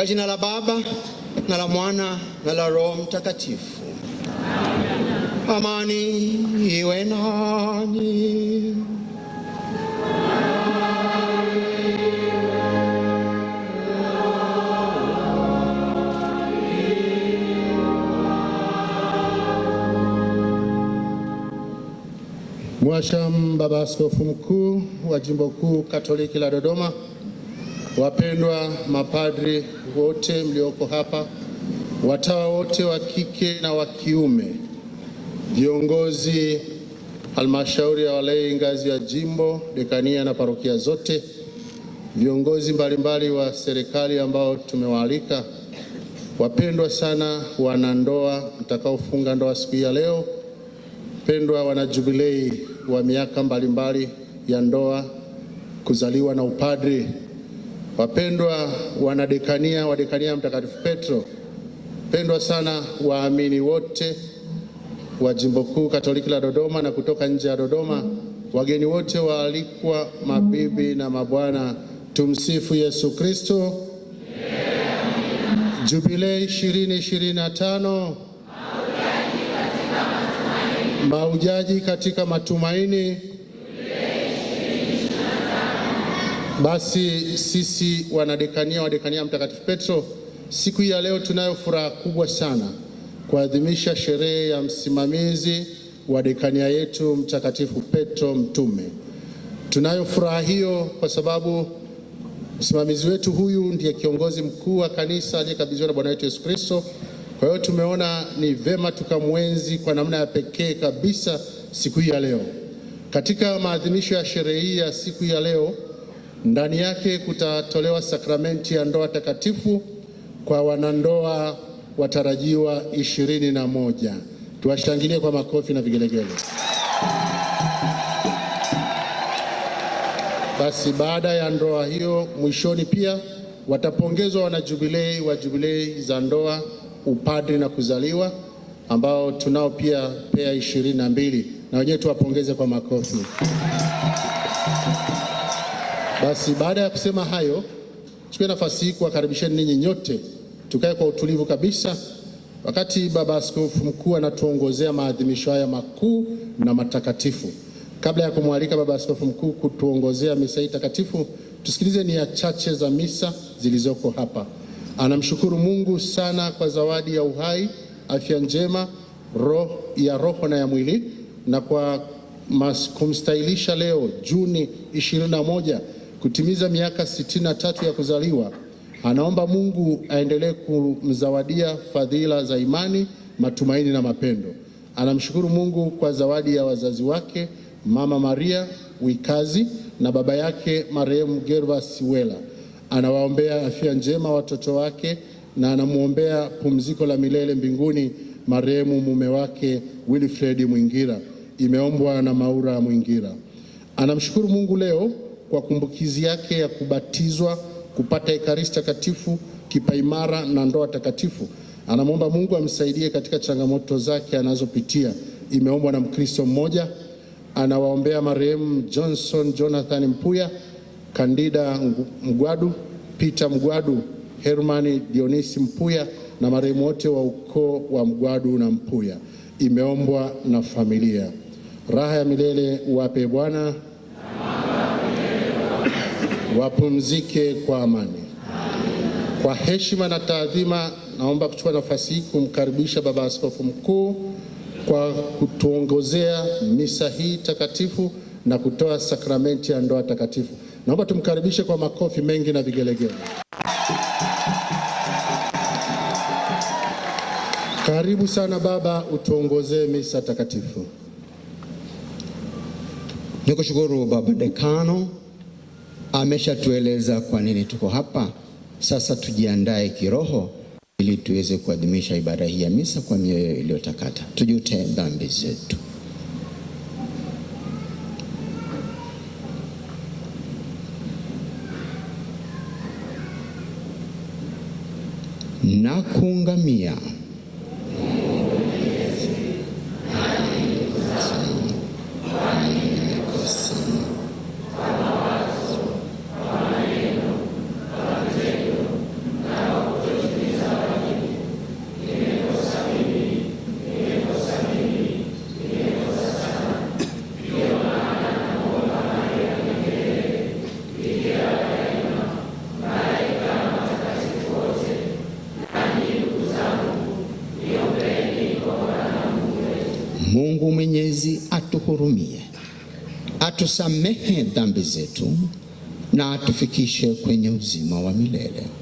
Kwa jina la Baba na la Mwana na la Roho Mtakatifu. Amani iwe nani. Mwasham Baba Askofu Mkuu wa Jimbo Kuu Katoliki la Dodoma wapendwa mapadri wote mlioko hapa, watawa wote wa kike na wa kiume, viongozi halmashauri ya walei ngazi ya jimbo, dekania na parokia zote, viongozi mbalimbali wa serikali ambao tumewaalika, wapendwa sana wanandoa mtakaofunga ndoa siku hii ya leo, pendwa wanajubilei wa miaka mbalimbali ya ndoa, kuzaliwa na upadri Wapendwa wanadekania wa dekania Mtakatifu Petro, pendwa sana waamini wote wa Jimbo Kuu Katoliki la Dodoma na kutoka nje ya Dodoma, wageni wote waalikwa, mabibi na mabwana, tumsifu Yesu Kristo. Jubilei 2025 maujaji katika matumaini Basi sisi wanadekania wa Dekania Mtakatifu Petro, siku hii ya leo tunayo furaha kubwa sana kuadhimisha sherehe ya msimamizi wa dekania yetu Mtakatifu Petro Mtume. Tunayo furaha hiyo kwa sababu msimamizi wetu huyu ndiye kiongozi mkuu wa kanisa aliyekabidhiwa na Bwana wetu Yesu Kristo. Kwa hiyo tumeona ni vema tukamwenzi kwa namna ya pekee kabisa siku hii ya leo. Katika maadhimisho ya sherehe hii ya siku ya leo ndani yake kutatolewa sakramenti ya ndoa takatifu kwa wanandoa watarajiwa ishirini na moja. Tuwashangilie kwa makofi na vigelegele. Basi baada ya ndoa hiyo, mwishoni pia watapongezwa wanajubilei wa jubilei za ndoa, upadri na kuzaliwa, ambao tunao pia pea ishirini na mbili, na wenyewe tuwapongeze kwa makofi. Basi baada ya kusema hayo, chukue nafasi hii kuwakaribisheni ninyi nyote, tukae kwa utulivu kabisa, wakati Baba Askofu Mkuu anatuongozea maadhimisho haya makuu na matakatifu. Kabla ya kumwalika Baba Askofu Mkuu kutuongozea misa hii takatifu, tusikilize nia chache za misa zilizoko hapa. Anamshukuru Mungu sana kwa zawadi ya uhai, afya njema roho, ya roho na ya mwili na kwa kumstahilisha leo Juni 21 kutimiza miaka sitini na tatu ya kuzaliwa, anaomba Mungu aendelee kumzawadia fadhila za imani, matumaini na mapendo. Anamshukuru Mungu kwa zawadi ya wazazi wake Mama Maria Wikazi na baba yake marehemu Gervas Siwela. Anawaombea afya njema watoto wake na anamwombea pumziko la milele mbinguni marehemu mume wake Wilfred Mwingira. Imeombwa na Maura Mwingira. Anamshukuru Mungu leo kwa kumbukizi yake ya kubatizwa, kupata Ekaristi Takatifu, kipaimara na ndoa takatifu. Anamwomba Mungu amsaidie katika changamoto zake anazopitia. Imeombwa na Mkristo mmoja. Anawaombea marehemu Johnson Jonathan Mpuya, Kandida Mgwadu, Peter Mgwadu, Hermani Dionisi Mpuya na marehemu wote wa ukoo wa Mgwadu na Mpuya. Imeombwa na familia. Raha ya milele wape Bwana wapumzike kwa amani. Kwa heshima na taadhima, naomba kuchukua nafasi hii kumkaribisha Baba Askofu Mkuu kwa kutuongozea misa hii takatifu na kutoa sakramenti ya ndoa takatifu. Naomba tumkaribishe kwa makofi mengi na vigelegele. Karibu sana baba, utuongozee misa takatifu. Nikushukuru baba dekano ameshatueleza kwa nini tuko hapa. Sasa tujiandae kiroho ili tuweze kuadhimisha ibada hii ya misa kwa mioyo iliyotakata, tujute dhambi zetu. na kuungamia Mwenyezi atuhurumie, atusamehe dhambi zetu na atufikishe kwenye uzima wa milele.